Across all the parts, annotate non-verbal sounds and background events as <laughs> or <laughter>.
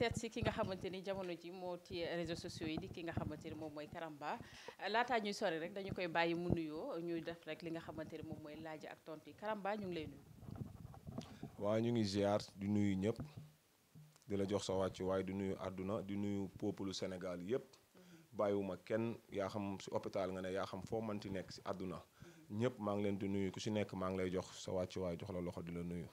seet si ki nga xamante ni jamono ji moo ci réseaux sociaux yi di ki nga xamante ni moom mooy Karamba laataa ñuy sori rek dañu koy bàyyi mu nuyoo ñuy def rek li nga xamante ni moom mooy laaj ak tontu yi Karamba ñu ngi lay nuyu. waaw ñu ngi ziar di nuyu ñëpp di la jox sa wàcc waaye di nuyu àdduna di nuyu peuple senegal yëpp mhm. bàyyiwuma kenn yaa xam si hôpital nga ne yaa xam foo mënti nekk si àdduna mhm. ñëpp maa ngi leen di nuyu ku si nekk maa ngi lay jox sa wàcc jox la loxo di la nuyu.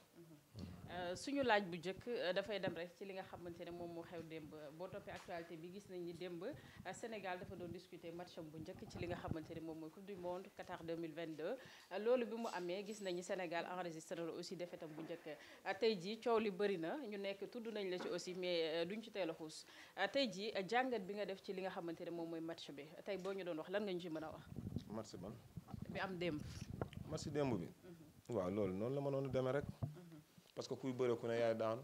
Euh, suñu laaj bu jëkk euh, dafay dem rek ci li nga xamante ne moom moo xew démb boo toppee actualité bi gis nañ ni démb euh, Sénégal dafa doon discuter match bu njëkk ci li nga xamante ne moom mooy coupe du monde Qatar 2022. loolu bi mu amee gis nañu Sénégal enregistré la aussi défaite am bu njëkk tey jii coow li bëri na ñu nekk tudd nañ la ci aussi mais duñ ci teel a xuus tey jii jàngat bi nga def ci li nga xamante ne moom mooy match bi tey boo ñu doon wax lan nga ñu ci mën a wax. match ban. bi am démb. match démb bi. Mhm. waaw loolu noonu la mënoon a demee rek. parce que kuy bëre ku ne yaay daanu.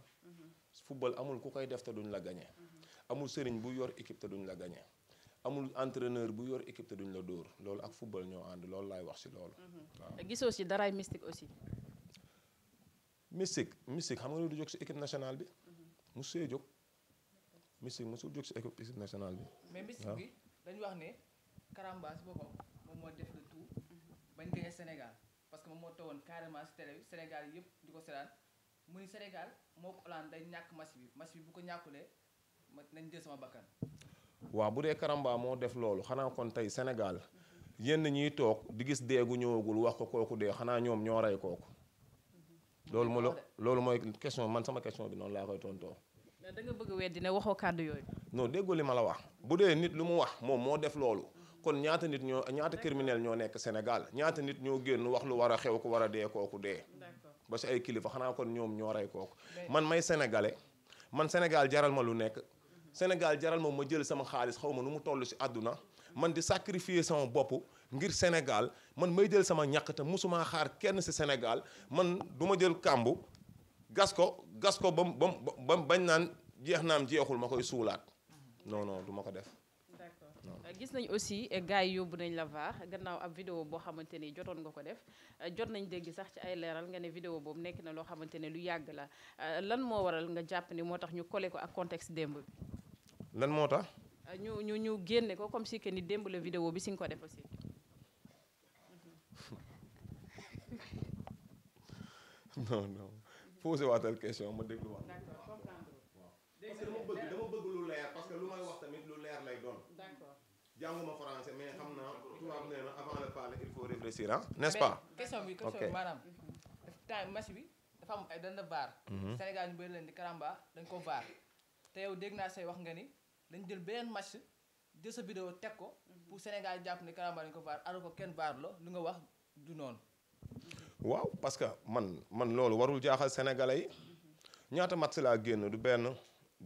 football amul ku koy def te duñ la gagné. amul sëriñ bu yor équipe te duñ la gagné. amul entreneur bu yor équipe te duñ la dóor loolu ak football ñoo ànd loolu laay wax si loolu. waaw mm-hmm. gisoo si daraay mystique aussi. mystique mystique xam nga loolu du jóg bi. mu mm-hmm. see jóg mystique mosul jóg si bi. mais mystique bi dañu wax ne Karamba si boppam moom moo def le tout. Mm-hmm. bañ gagné Sénégal parce que moom moo toogoon carrément si télé bi Sénégal yëpp mu ni moo ko Hollande ñàkk match bi match bi bu ko ñàkkulee nañ jël sama bakkan. waaw bu dee Karamba moo def loolu xanaa kon tey Sénégal yenn ñiy toog di gis deegu ñëwagul wax ko kooku dee xanaa ñoom ñoo rey kooku. loolu moo loolu mooy question man sama question bi noonu laa koy tontoo. da nga bëgg weddi ne waxoo kàddu yooyu. non déggoo li ma la wax bu dee nit lu mu wax moom moo def loolu. kon ñaata nit ñoo ñaata criminel ñoo nekk Sénégal ñaata nit ñoo génn wax lu war a xew ko war a dee kooku dee. ba si ay kilifa xanaa kon ñoom ñoo rey kooku man may sénégalais man sénégal jaral ma lu nekk sénégal jaral ma ma jël sama xaalis xaw ma nu mu toll si àdduna man di sacrifier sama bopp ngir sénégal man may jël sama ñàkk te mosumaa xaar kenn si senegal man du ma jël kàmbu gas ko gas ko ba mu ba mu bañ naan jeex naam jeexul ma koy suulaat noonoo duma ko def gis nañ aussi eh, gars yi yóbbu nañ la baax gannaaw ab vidéo boo xamante ni jotoon nga ko def eh, jot nañ dégg sax ci ay leeral nga ne vidéo boobu nekk na loo xamante ne lu yàgg la eh, lan moo waral nga jàpp ni moo tax ñu kole ko ak contexte démb bi. lan moo tax. ñu ñu ñu génne ko comme si que ni démb la vidéo bi si nga ko def aussi. <laughs> non non posé waatal question ma déglu jànguma français mais xam naa tubaab nee na avant de parler il faut réfléchir ah nest pas. question bi question maanaam temps match bi dafa am ay dañ la baar. Mhm. Sénégal leen di karamba dañ ko baar te yow dégg naa wax nga ni dañ jël beneen match jël sa vidéo teg ko mhm. pour Sénégal jàpp ne karamba dañ ko baar alors ko kenn baar la lu nga wax du noonu. waaw parce que man man loolu warul jaaxal sénégalais yi mhm. ñaata match laa génn du benn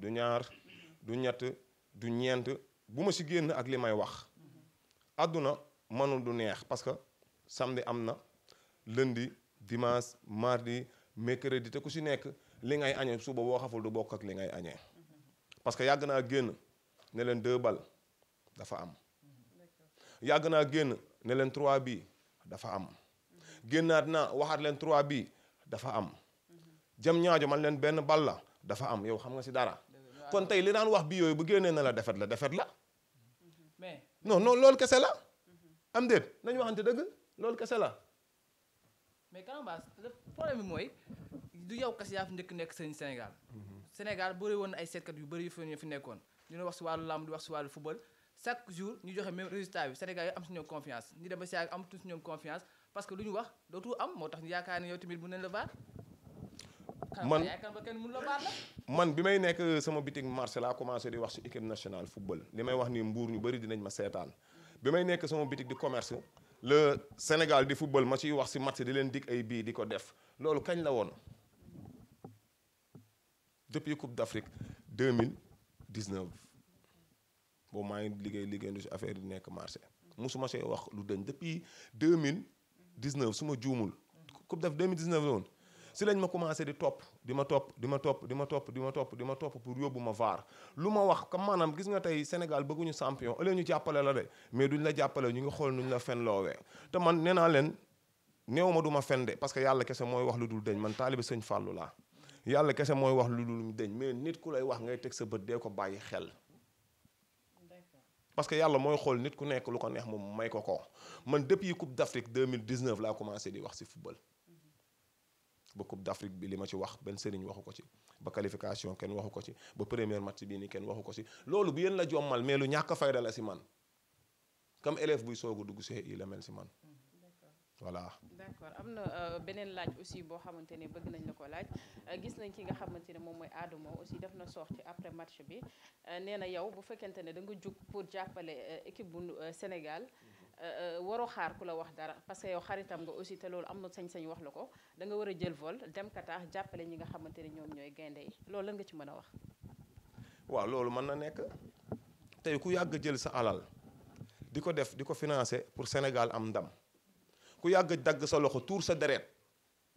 du ñaar du ñett du ñeent. bu ma si génn ak li may wax àdduna mënul du neex parce que samedi am na lëndi dimanche mardi mercredi te ku si nekk li ngay añe suba woo xaful du bokk ak li ngay añee parce que yàgg naa génn ne leen deux balles dafa am yàgg naa génn ne leen trois bi dafa am génnaat naa waxaat leen trois bi dafa am jëm ñaajo man leen benn bal la dafa am yow xam nga si dara kon tey li daan wax bi yooyu bu génnee na la defet la defet la non non loolu kese la. Mhm. am déet nañu waxante dëgg loolu kese la. mais Canabasse le problème bi mooy du yow kese yaa fi njëkk nekk sëñ Sénégal. Mhm. Sénégal bëri woon ay seetkat yu bëri yu fi fi nekkoon dina wax si wàllu làmb di wax si wàllu football chaque jour ñu joxe même résultat bi Sénégal yi am si ñoom confiance ñu dem a si am tuuti si ñoom confiance parce que lu ñu wax dootu am moo tax ñu yaakaar ne yow tamit bu neen la baar. man man bi may nekk sama bitik marché laa commencé di wax si équipe nationale football li may wax ni mbuur ñu bëri dinañ ma seetaan bi may nekk sama bitik di commerce le Sénégal di football ma ciy wax si match di leen dig ay bii di ko def loolu kañ la woon depuis Coupe d'Afrique 2019 boobu maa ngi liggéey liggéey si affaire di nekk marché musuma see wax lu dëñ depuis 2019 su ma juumul Coupe d'Afrique 2019 la woon si lañ ma commencé di topp di ma topp di ma topp di ma topp di ma topp di ma topp pour yóbbu ma vaar lu ma wax comme maanaam gis nga tey Sénégal bëgguñu champion ëllëg ñu jàppale la de mais duñ la jàppale ñu ngi xool nuñ la fen loowee man nee naa leen néew ma du de parce que yàlla kese mooy wax lu dul deñ man taalibe sëñ Fallou laa yàlla kese mooy wax lu dul deñ mais nit ku lay wax ngay teg sa bët dee ko bàyyi xel parce que yàlla mooy xool nit ku nekk lu ko neex moom may ko ko man depuis Coupe d'Afrique 2019 laa commencé di wax si football ba coupe d'Afrique bi li ma ci wax benn sëriñ waxu ko ci ba qualification kenn waxu ko ci ba première match bii nii kenn waxu ko ci loolu bu yéen la jommal mais lu ñàkk fayda la si man comme élève buy soog a dugg see i la mel si man mm, voilà d'accord am na euh, beneen laaj aussi boo xamante ne bëgg nañ la ko laaj euh, gis nañ ki nga xamante ne moom mooy Adamo aussi def na ci après match bi euh, nee na yow bu fekkente ne da nga jug pour jàppale équipe bu Sénégal mm. Euh, waroo xaar ku la wax dara parce que yow xaritam nga aussi te loolu am na sañ-sañ wax la ko danga war a jël vol dem Qatar jàppale ñi nga xamante ne ñoom ñooy gaynde yi loolu lan nga ci mën a wax. waaw loolu mën na nekk tey ku yàgg jël sa alal di ko def di ko financer pour Sénégal am ndam ku yàgg dagg sa loxo tuur sa deret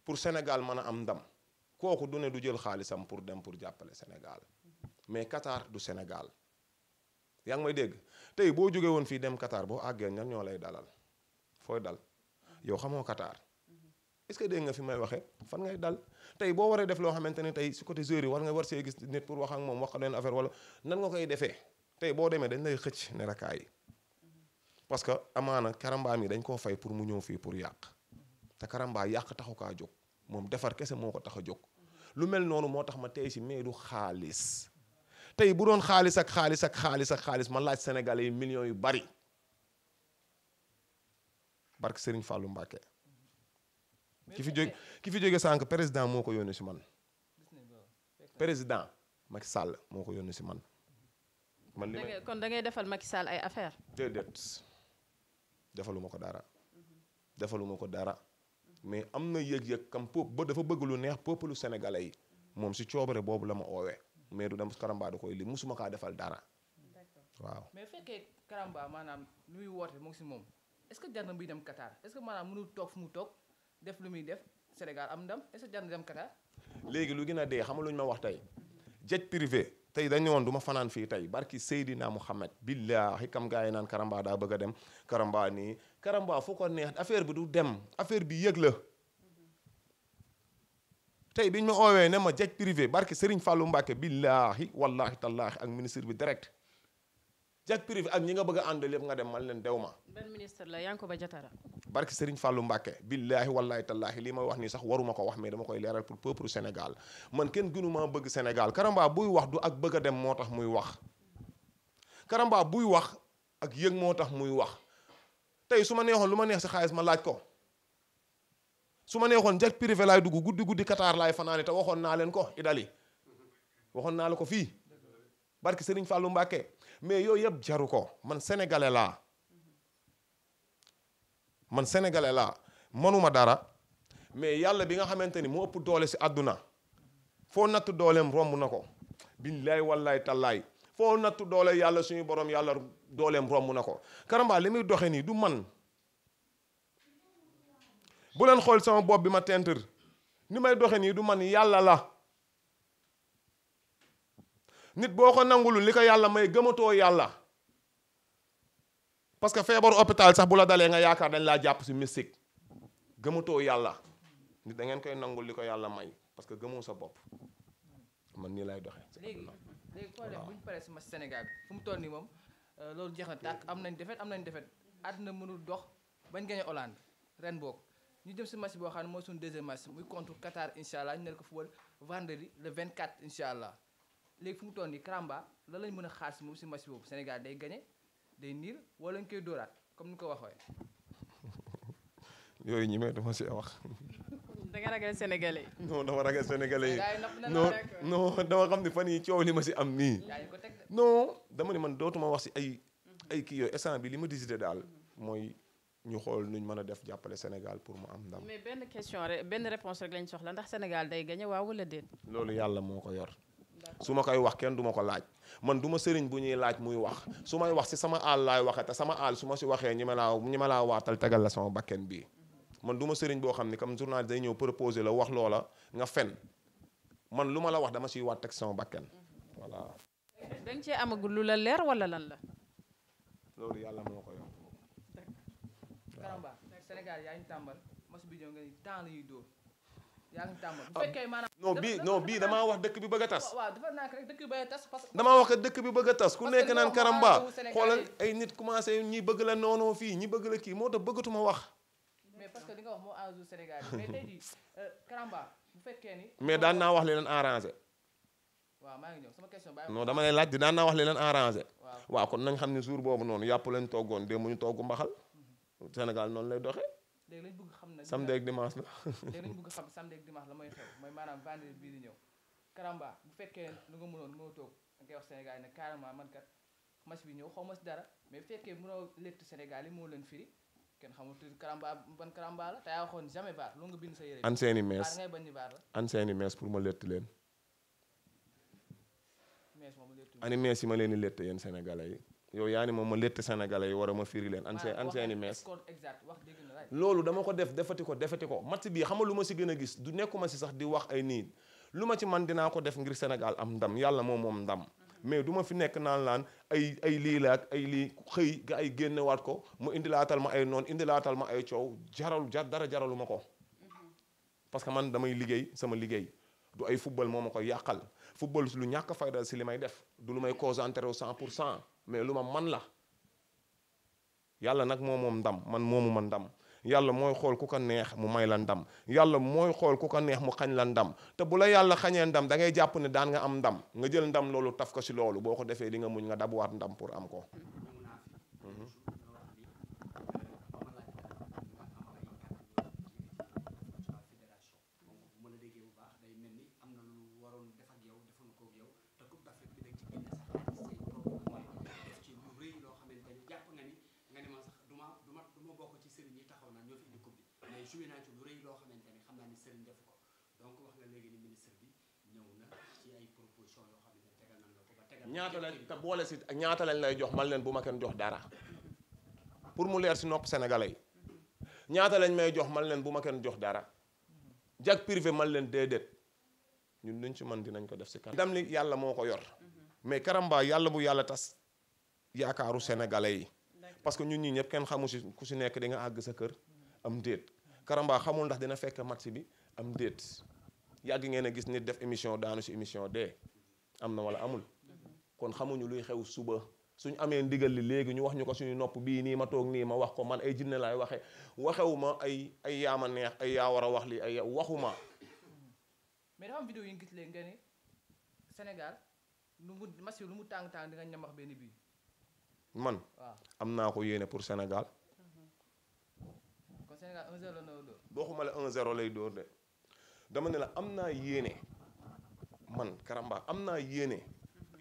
pour Sénégal mën a am ndam kooku du ne du jël xaalisam pour dem pour jàppale Sénégal mais Qatar du Sénégal. yaa ngi may dégg tey boo jógee woon fii dem Qatar boo àggee nan ñoo lay dalal fooy dal yow xamoo Qatar mm-hmm. est-ce que dégg nga fi may waxee fan ngay dal tey boo waree def loo xamante ne tey su côté joueur yi war nga war see gis nit pour wax ak moom wax ko leen affaire wala nan nga koy defee tey boo demee dañ lay xëcc ne rakaay yi mm-hmm. parce que amaana karambaam yi dañ koo fay pour mu ñëw fii pour yàq mm-hmm. te karambaa yàq taxu kaa jóg moom defar kese moo ko tax a jóg lu mel noonu moo tax ma tey si mais du xaalis tey bu doon xaalis ak xaalis ak xaalis ak xaalis man laaj Sénégalais yi millions yu bari barke sëriñ Fallou Mbacké ki fi jóge ki fi jóge sànq président moo ko yónnee si man président Macky sàll moo ko yónnee si man. man li kon da ngay defal Macky Sall ay affaire déedéet defaluma ko dara. defaluma ko dara mais am na yëg-yëg kam pop ba dafa bëgg lu neex peuple sénégalais yi moom si coobare boobu la ma oowee. mais du dem karamba da koy lim musuma kaa defal dara. waaw mais bu fekkee karamba maanaam lu muy woote mu ngi si moom est ce que jar na muy dem Qatar est ce que maanaam mënul toog fu mu toog def lu muy def Sénégal am ndam est jar na dem Qatar. léegi lu gën a dee xam nga lu ñu ma wax tey jet privé tey dañu woon du fanaan fii tey barki Seydina Muhammad billaahi kam gaa yi naan karamba daa bëgg a dem karamba nii karamba fu ko neex affaire bi du dem affaire bi yëg la. tey biñ ma oowee ne ma jet privé barke Serigne Fallou Mbacke billaahi wallaahi tallaahi ak ministre bi direct jet privé ak ñi nga bëgg a àndal nga dem man leen dew ma. ban ministre la Yankoba Diattara. barke Serigne Fallou Mbacke billaahi wallaahi tallaahi lii may wax nii sax waruma ko wax mais dama koy leeral pour peuple Sénégal man kenn gënu maa bëgg Sénégal Karamba buy wax du ak bëgg a dem moo tax muy wax. Karamba buy wax ak yëg moo tax muy wax tey su ma neexoon lu ma neex si xaalis ma laaj ko. su ma neexoon jet privé laay dugg guddi guddi Qatar laay fanaani te waxoon naa leen ko Idali waxoon naa la ko fii barki Serigne fàllu Mbacké mais yooyu yëpp jaru ko man sénégalais laa man sénégalais laa mënuma dara mais yàlla bi nga xamante ni mu ëpp doole si àdduna foo natt dooleem romb na ko billaay wallaay tallaay foo nattu doole yàlla suñu borom yàlla dooleem romb na ko Karamba li muy doxe nii du man bu leen xool sama bopp bi ma tentir ni may doxe nii du man yàlla la nit boo ko nangulu li ko yàlla may gëmatoo yàlla parce que feebaru hôpital sax bu la dalee nga yaakaar dañ laa jàpp si mystique gëmatoo yàlla nit da ngeen koy nangul li ko yàlla may parce que gëmoo sa bopp man nii lay doxe léegi léegi koo dem bu ñu paree sama Sénégal bi fu mu toll nii moom euh, loolu jeex na tàkk am nañ defet am nañ defet àddina mënul dox bañ gañe Hollande ren boog ñu jëm si match boo xam ne mooy suñu deuxième match muy contre Qatar incha allah ñu ne ko football vendredi le 24 incha allah léegi fu mu toll nii Karamba la lañ mën a xaar si moom si match boobu Sénégal day day niir wala ñu koy dóoraat comme ni ko waxee. <laughs> yooyu ñi dama si wax. da nga ragal sénégalais. non dama ragal sénégalais yi non non dama xam ni fan yi li ma si am nii. non dama ne man dootuma wax si ay. ay kii yooyu instant bi li ma décidé daal mm-hmm. mooy. ñu xool nuñ mën a def jàppale Sénégal pour mu am ndam. mais benn question rek benn réponse rek lañ soxla ndax Sénégal day gañe waaw wala déet. loolu yàlla moo ko yor. su ma koy wax kenn du ma ko laaj man duma ma bu ñuy laaj muy wax su may wax si sama àll laay waxee te sama àll su ma si waxee ñi ma laa ñi ma laa waatal tegal la sama bakken bii. man du ma sëriñ boo xam ni comme journaliste day ñëw proposer la wax loola nga fen man lu ma la wax dama siy waat teg sama bakken mhm. voilà. da nga yàlla moo Karamba Sénégal yaa tàmbal match bi ñëw nga ni temps la ñuy dóor yaa bii ah, non bii damaa wax dëkk bi bëgg a tas waaw dafa nak rek dëkk bi bëgg a tas parce damaa wax dëkk bi bëgg a tas ku nekk naan Karamba xoolal ay nit commencé ñi bëgg la noonoo fii ñi bëgg la kii moo tax bëggatuma wax mais parce que li nga wax moo arrangé Sénégal mais tey euh, bu fekkee ni mais daan naa wax leen arange waaw maa ngi ñëw sama question dama lay laaj di daan naa wax leen arrangé waaw kon nañ xam ne jour boobu noonu yàpp lañ toggoon démb ñu togg mbaxal Sénégal noonu lay doxee. léegi lañ bëgg xam na samedi ak dimanche la. léegi lañ bëgg xam samedi ak dimanche la mooy xew mooy maanaam vendredi bii di ñëw Karamba bu fekkee lu nga mënoon mënoo toog da ngay wax Sénégal yi ne carrément man kat bi ñëw xaw ma si dara mais bu fekkee mënoo létt Sénégal moo leen firi kenn xamul tuuti Karamba ban Karamba la te yaa waxoon jamais baar lu nga bind sa yére. an seeni mees ngay bañ baar la. an pour ma létt leen. mees moom léttu ani mees yi ma leen di létt yéen Sénégalais yow yaa ni moom ma létt sénégalais yi war a ma firi leen an seen an seeni mees loolu dama ko def defati ko defati ko match bii xam nga lu ma si gën a gis du nekkuma si sax di wax ay nii lu ma ci man dinaa ko def ngir Sénégal am ndam yàlla moom moom ndam mhm. mais du ma fi nekk naan laan ay ay lii la ay lii xëy ga ay génnewaat ko mu indilaatal ma ay noon indilaatal ma ay coow jaral jar dara jaralu ma ko mhm. parce que man damay liggéey sama liggéey du ay football moom ma koy yàqal football lu ñàkk fayda si li may def du may concentré au cent pour cent mais lu ma man la yàlla nag moo moom ndam man moomu ma ndam yàlla mooy xool ku ko neex mu may la ndam yàlla mooy xool ku ko neex mu xañ la ndam te bu la yàlla xañee ndam dangay jàpp ne daan nga am ndam nga jël ndam loolu taf ko si loolu boo ko defee li nga muñ nga dabuwaat ndam pour am ko joué yoo xam ne tegal nañ la ñaata lañ lay jox man leen bu ma kenn jox dara pour mu leer si nopp sénégalais yi ñaata lañ may jox man leen bu ma kenn jox dara jag privé man leen déedéet ñun luñ ci mën dinañ ko def si kanam ndam li yàlla moo ko yor mais Karamba yàlla bu yàlla tas yaakaaru sénégalais yi parce que ñun ñii ñëpp kenn xamu si ku si nekk di nga àgg sa kër am déet Karamba xamul ndax dina fekk match bi am déet yàgg ngeen a gis nit def émission daanu si émission de am na wala amul kon xamuñu luy xew suba suñu amee ndigal li léegi ñu wax ñu ko suñu nopp bii nii ma toog nii ma wax ko man ay jinne laay waxe waxewu ma ay ay yaama neex ay yaa war a wax lii ay waxuma mais dafa am vidéo yi gis léegi nga ne Sénégal lu mu match lu mu tàng-tàng di ñam wax benn bii man am naa ko yéene pour Sénégal Sénégal 1-0 la ñu dóor. boo la am naa yéene man Karamba am naa yéene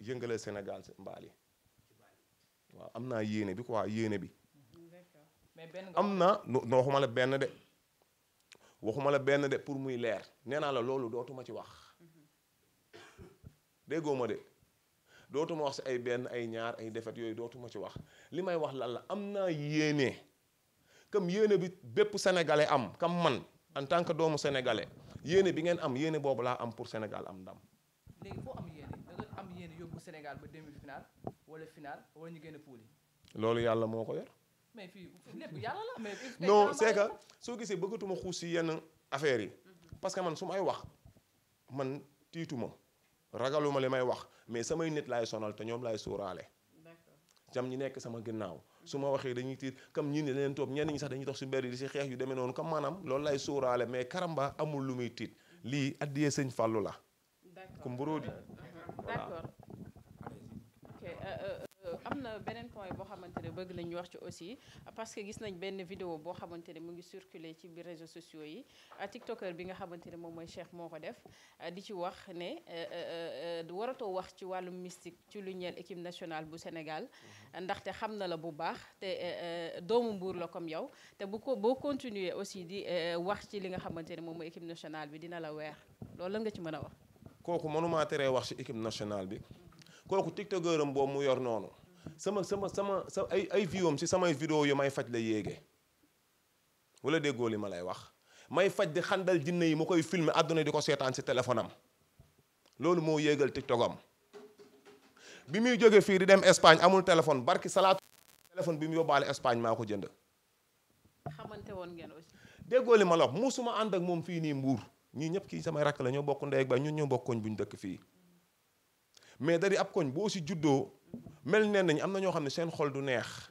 yëngale Sénégal si mbaal naa yéene bi quoi yéene bi. am na no waxuma la benn de waxuma la benn de pour muy leer nee naa la loolu dootuma ci wax déggoo ma de dootuma wax si ay benn ay ñaar ay defet yooyu dootuma ci wax li may wax lan am naa yéene. comme yéene bi bépp sénégalais am comme man en tant que doomu sénégalais yéene bi ngeen am yéene boobu laa am pour Sénégal am ndam. léegi foo am yéene am yéene yóbbu Sénégal ba demi-finale wala finale wala ñu génn poul loolu yàlla moo ko yor. mais fii lépp yàlla la soo gisee bëggatuma xuus si yenn affaires yi. Mhm. parce que man su may wax man tiituma ragaluma li may wax mais samay nit laay sonal te ñoom laay suuraale jam ñi nekk sama ginnaaw. su ma waxee dañuy tiit comme ñi ne leen toog ñenn ñi sax dañuy dox si mbedd di si xeex yu demee noonu comme maanaam loolu lay sóoraale mais Karamba amul lu muy tiit lii addiyee sëñ Fallou la. d'accord ku mburóodi. d'accord am na beneen point boo xamante ne bëgg nañu wax ci aussi parce que gis nañ benn video boo xamante ne mu ngi circuler ci biir réseaux sociaux yi tiktoker bi nga xamante ne moom mooy Cheikh moo ko def di ci wax ne euh, euh, euh, waratoo wax ci wàllum mystique ci lu ñeel équipe nationale bu Sénégal mhm. ndaxte xam na la bu baax te doomu mbuur la comme yow te bu ko boo continuer aussi di wax ci li nga xamante ne moom mooy équipe nationale bi dina la weer loolu lan nga ci mën a wax. kooku mënumaa teree wax ci équipe nationale bi mhm. kooku tiktokeuram mu yor noonu. sama sama sama sa ay ay viewam si samay vidéo yu may faj la yéegee wala déggoo li ma lay wax may faj di xandal jinne yi mu koy filmer àdduna di ko seetaan si téléphone am loolu moo yéegal TikTok am bi muy jóge fii di dem Espagne amul téléphone barki salaatu téléphone bi mu yóbbaale Espagne maa ko jënd. xamante woon ngeen aussi. déggoo li ma la wax musuma ànd ak moom fii nii Mbuur ñii ñëpp kii samay rakk la ñoo bokk ndey ak baay ñun ñoo bokk koñ bu ñu dëkk fii mais dari ab koñ boo si juddoo. mel neen nañ am na ñoo xam ne seen xol du neex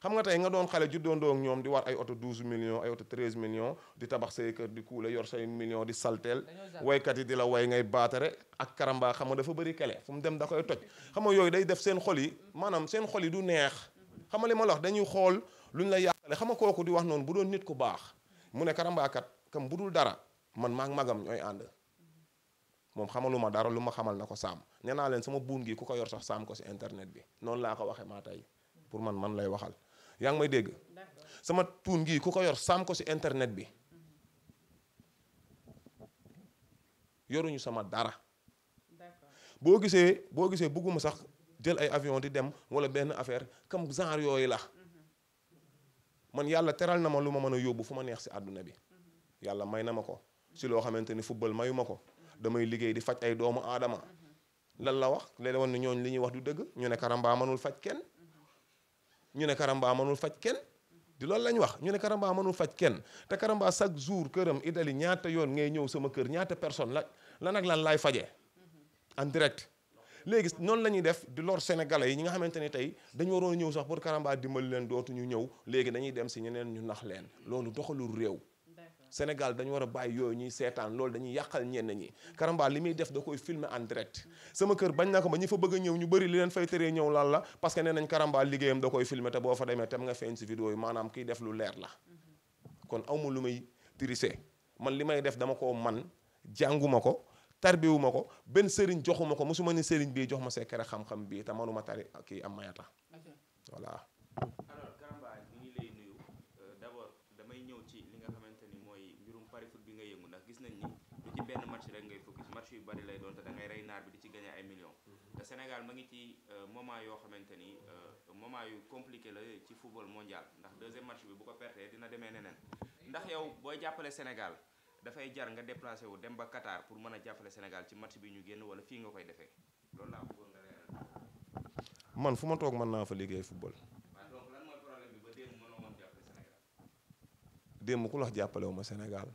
xam nga tey nga doon xale juddoondoo ak ñoom di war ay oto 12 million ay oto 13 millions di tabax say kër di kuule yor say millions di salteel waykat yi di la way ngay baatare ak karamba xam nga dafa bëri kele fu mu dem da koy toj xam nga yooyu day def seen xol yi maanaam seen xol yi du neex xam nga li ma lox dañuy xool luñ la yàqale xam nga kooku di wax noonu bu doon nit ku baax mu ne karambaakat kam bu dul dara man maag magam ñooy ànd moom xamaluma dara lu ma xamal na ko saam nee naa leen sama buun gi ku ko yor sax saam ko si internet bi noonu laa ko waxee maa pour man man lay waxal yaa ngi may dégg sama tuun gi ku ko yor saam si internet bi yoruñu sama dara boo gisee boo gisee bëgguma sax jël ay avion di dem wala benn affaire comme genre yooyu la mm-hmm. man yàlla teral na ma lu ma mën a yóbbu fu ma neex si àdduna bi mm-hmm. yàlla may na ma ko si loo xamante ni football mayuma ko damay liggéey di faj ay doomu aadama lan la wax léeg woon ne ñooñ li ñuy wax du dëgg ñu ne karamba mënul faj kenn ñu ne karamba mënul faj kenn di loolu lañ wax ñu ne karambaa mënul faj kenn te karamba chaque jour këram Italie ñaata yoon ngay ñëw sama kër ñaata personne la lan ak lan laay fajee en direct léegi noonu la ñuy def di lor sénégalais yi ñi nga xamante ne tey dañu waroon ñëw sax pour karamba dimbali leen dootuñu ñëw léegi dañuy dem si ñeneen ñu nax leen loolu doxalul réew Sénégal dañu war a bàyyi yooyu ñuy seetaan loolu dañuy yàqal ñenn ñi Karamba li muy def da koy filmer en sama kër bañ na ko ba ñi fa bëgg a ñëw ñu bëri li leen fay tëree ñëw lan la parce que nee nañ Karamba liggéeyam da koy filmer te boo fa demee tam nga feeñ si vidéo yi maanaam kiy def lu leer la kon awma lu may tirise man li may def dama koo man jànguma ko tarbiwuma ko benn sëriñ joxuma ko mosuma ni sëriñ bii jox ma sekkere xam-xam bii te manuma tari kii am mayata voilà Sénégal ma ngi ci euh, moment yoo xamante ni euh, moment yu compliqué la ci football mondial ndax deuxième match bi bu ko pertee dina demee neneen ndax yow booy jàppalee Sénégal dafay jar nga déplacé wu dem ba Qatar pour mën a jàppale Sénégal ci match bi ñu génn wala fii nga koy defee loolu laa man fu ma toog mën naa fa liggéey football. waaw donc lan démb ku la wax ma Sénégal.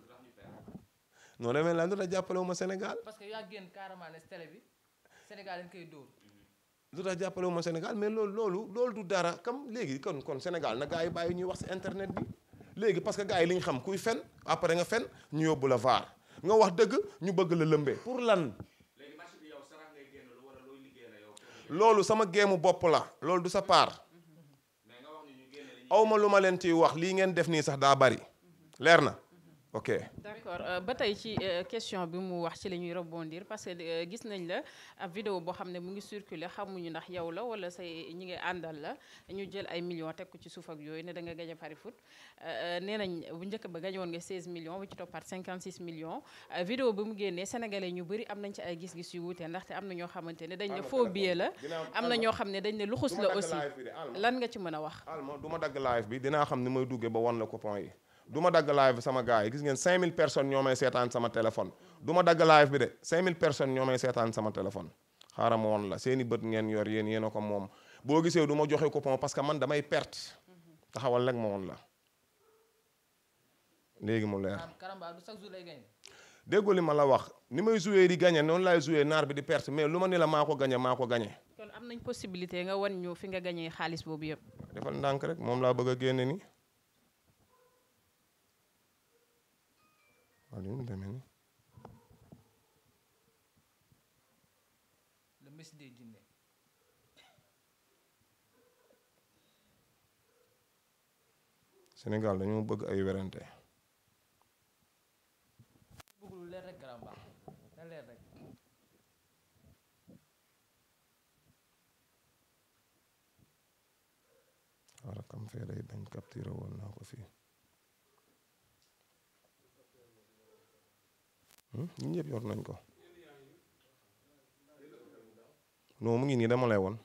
non demee laa doon jàppale wu Sénégal. parce yaa génn carrément ne bi. Sénégal dañ koy dóor. lu tax jàppale wu ma Sénégal mais loolu loolu loolu du dara comme léegi kon kon Sénégal na gaa yi bàyyi ñuy wax si internet bi léegi parce que gars yi li ñu xam kuy fen après nga fen ñu yóbbu la vaar nga wax dëgg ñu bëgg la lëmbe pour lan. loolu sama géemu bopp la loolu du sa part awma lu ma leen ciy wax lii ngeen def nii sax daa bari leer na. ok d' euh, ba tey ci euh, question bi mu wax ci la ñuy rebondir parce que euh, gis nañ la ab vidéo boo xam ne mu ngi circuler xamuñu ndax yow la wala sa ñi ngi àndal la ñu jël ay millions teg ko ci suuf ak yooyu ne da nga gañe pari foot nee nañ bu njëkk ba gañe woon nga 16 millions bu ci toppaat 56 millions vidéo bi mu génnee sénégalais ñu bëri am nañ ci ay gis-gis yu ndax ndaxte am na ñoo xamante ne dañ ne faux billet la am na ñoo xam ne dañ ne luxus la aussi lan nga ci mën a wax alma du ma dagg live bi dinaa duma ma dagg live sama gaa yi gis ngeen 5000 personnes ñoo may seetaan sama téléphone du ma dagg live bi de 5000 personnes ñoo may seetaan sama téléphone xaaral ma woon la seeni bët ngeen yor yéen yéen ko moom boo gisee duma ma joxe coupon parce que man damay perte taxawal rek ma woon la léegi mu leer. déggu li ma la wax ni may joué di gagné noonu laay joué naar bi di perte mais lu ma ne la maa ko gagné maa ko gagné. kon am nañ possibilité nga wan ñu fi nga gagné xaalis boobu yëpp. defal ndànk rek moom laa bëgg a génne ni Alioune demee ni bëgg ay werante bëgg lu leer rek garamba na fee day bañ capturé woon naa ko fii ñun hmm? ñëpp yor nañ ko non mu ngi nii dama lay won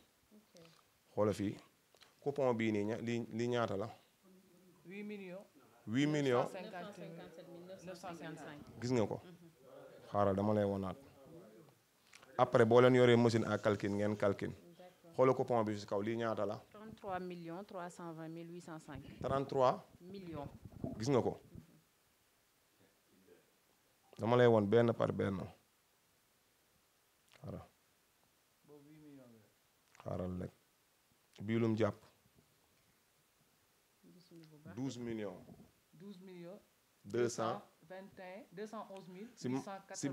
xoola fii coupon bii nii ña lii lii ñaata la. 8 millions. 8 gis nga ko. Mhm. xaaral dama lay wonaat après boo leen yoree machine à calcul ngeen calcul xoola coupon bi ci kaw lii ñaata la. 33 millions 320 mille 805. 33. millions gis nga ko. dama lay woon benn par benn xaaral xaaral rek bii lum jàpp douze millions douze millions deux cent si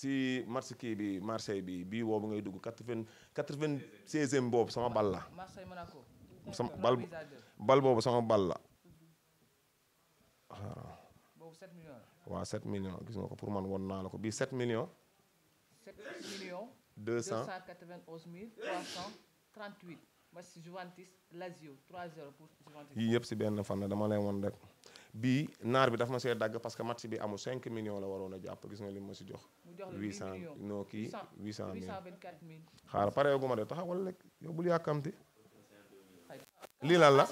si marché bi Marseille bi bii boobu ngay dugg quatre-vingt quatre-vingt-seizième boobu sama bal la sama bal bal boobu sama bal la waaw waaw 7 millions gis nga ko pour man won naa la ko bii 7 millions. 7 millions. 200 291 mille 338. match Juventus Lazio 3-0 pour Juventus. yii yëpp si benn fan la dama lay won rek bii naar bi daf ma see dagg parce que match bi amul cinq millions la waroon a jàpp gis nga li ma si jox. mu jox la 800 noo kii 800 mille 824 mille. xaaral pareegu ma de taxawal rek yow bul yàkkamti lii lan la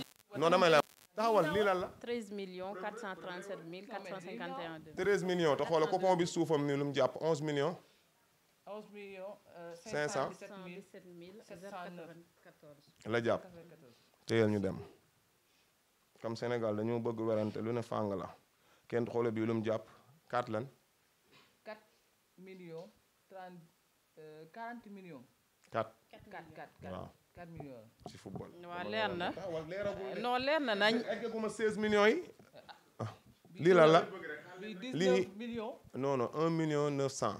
damay la. taxawal lii la la. 13 million 437 mille 451. 13 millions te xoola coupon bi suufam ni lu mu jàpp la jàpp téyel ñu dem comme Sénégal dañoo bëgg werante lu ne fàng la kenn xoola bii lu mu jàpp 4 lan. 4 millions 30 40 euh, 4 millions ci football. waaw leer na non leer na nañ. eggaguma ah. ah, la la lii non non 1 million 900.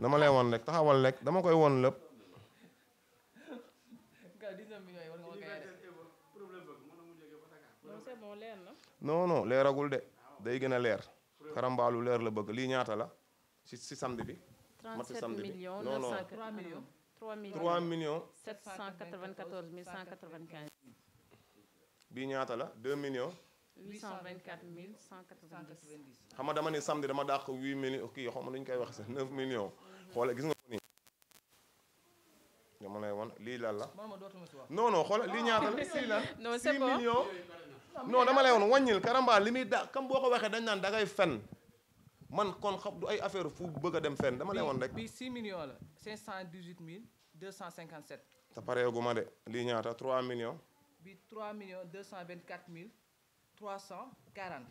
dama lay won rek taxawal rek dama koy won lépp. non non leeragul de day gën a leer. karambaalu leer la bëgg lii ñaata la ci ci bi. 37 millions 900 3 millions 3 millions. 794 195. bii ñaata la 2 millions. 824 190. xam nga dama ni samedi dama dàq 8 millions kii xam nga nu ñu koy wax sax 9 millions. xoola gis nga ko nii. dama lay wan lii lan la. non non xoola lii ñaata la lii lan. non c'est bon 6 millions. non dama lay wan wàññil karamba li muy da kam boo ko waxee dañ naan dangay fen. man kon xam du ay affaire fu bëgg a dem fenn dama lay woon rek. bi 6 millions la 518 257. te pareegu ma de lii ñaata 3 millions. bi 3 millions 224 mille 340.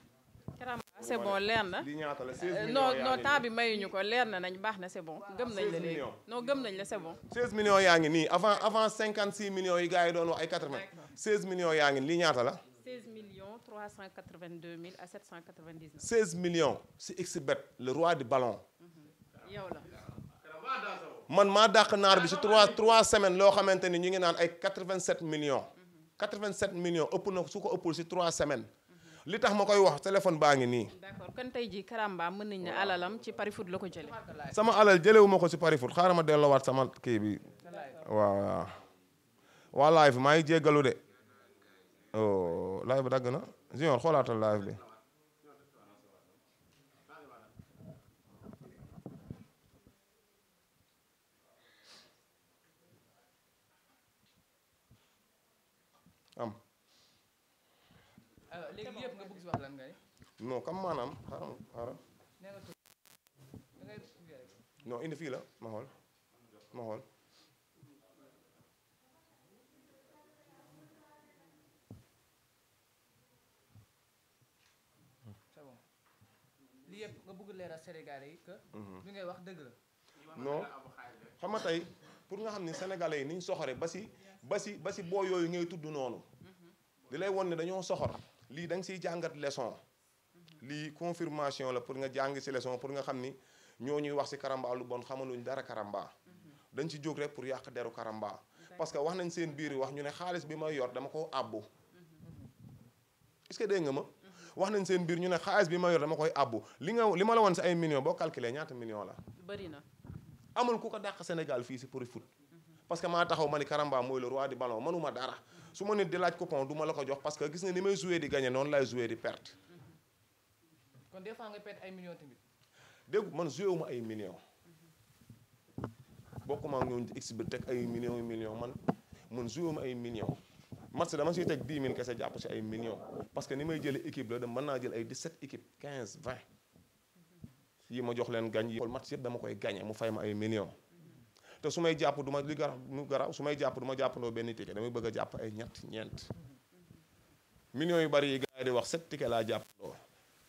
caramba c'est bon leer na. lii ñaata la 16 euh, millions non non temps bi mayuñu ko leer na nañ baax na c'est bon. gëm nañ la léegi gëm nañ la c'est bon. 16 millions yaa ngi nii avant avant 56 millions yi gars yi doon wax ay 80. 16 millions yaa ngi nii lii ñaata la. millions 382 mille à 799. 16 millions si XBET le roi du ballon. Mm-hmm. yow la. man maa dàq naar bi si 3 3 semaines loo xamante ni ñu ngi naan ay 87 millions. 87 mm-hmm. millions ëpp na su ko ëppul si 3 semaines. Mm-hmm. li tax ma koy wax téléphone baa ngi nii. d'accord kon tey jii Karamba mën nañ ne alalam ci Paris foot la ko jëlee. sama alal jëlewu ko si Paris foot xaaral ma delloowaat sama kii bi. waaw waaw. waa live maa ngi de. oh live bi dagg na junior xoolaatal live bi. am. Euh, léegi yëpp maanaam xaaral xaaral. non indi fii la ma xool. li yëpp bëgg leeral Sénégalais mhm. li ngay wax dëgg la. non xam nga tey pour nga xam ni sénégalais yi niñ ñu soxoree ba si ba si boo yooyu ngay tudd noonu. li mhm. lay won ne dañoo soxor lii da siy jàngat leçon. Mhm. lii confirmation la pour nga jàng si leçon pour nga xam ni ñoo ñuy wax si karamba lu bon xamaluñ dara karamba. dañ si jóg rek pour yàq deru karamba. parce que wax nañ seen biir wax ñu ne xaalis bi may yor dama koo àbbu. est-ce ma. wax nañ seen biir ñu ne xaalis bi ma yor dama koy abbu li nga li ma la won si ay millions boo calculé ñaata millions la. bëri na. amul ku ko dàq Sénégal fii si pour foot parce que maa taxaw ma ni Karamba mooy le roi du ballon mënuma dara su ma nit di laaj coupon du duma la ko jox parce que gis nga ni may joué di gagné noonu lay joué di perte. kon des fois nga perte ay millions tamit. dégg man joué ma ay millions. bokkuma ak ñoom di teg ay millions million man man joué ma ay millions. match dama siy teg 10 000 kese jàpp si ay millions parce que ni may jëlee équipe la de mën naa jël ay 17 équipes 15 20 yi ma jox leen gañ yi xool match dama koy gagné mu fay ma ay millions te su may jàpp duma ma li garab mu garab su may jàpp duma ma jàppandoo benn ticket damay bëgg jàpp ay ñett ñeent millions yu bari yi gars di wax 7 ticket laa jàppandoo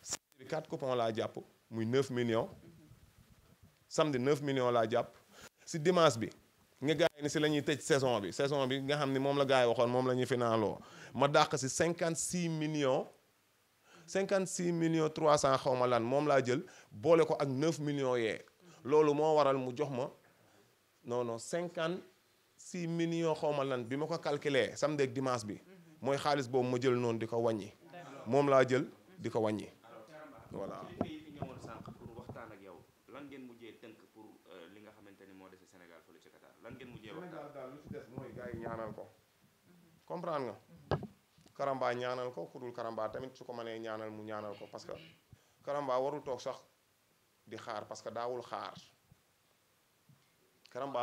samedi 4 coupons laa jàpp muy 9 millions samedi 9 million laa jàpp si dimanche bi nga gars ni si la ñuy tëj saison bi saison bi nga xam ni moom la gars yi waxoon moom la ñuy finaaloo ma dàq si million millions 56 millions 300 xaw ma lan moom laa jël boole ko ak 9 millions yee loolu moo waral mu jox ma non non 56 millions xaw lan bi ma ko calculé samedi ak dimaas bi mooy xaalis boobu ma jël noonu di ko wàññi moom laa jël di ko wàññi voilà. ay ñaanal ko comprendre nga karamba ñaanal ko ku dul tamit su ko mënee ñaanal mu ñaanal ko parce que karamba warul toog sax di xaar parce que daawul xaar karamba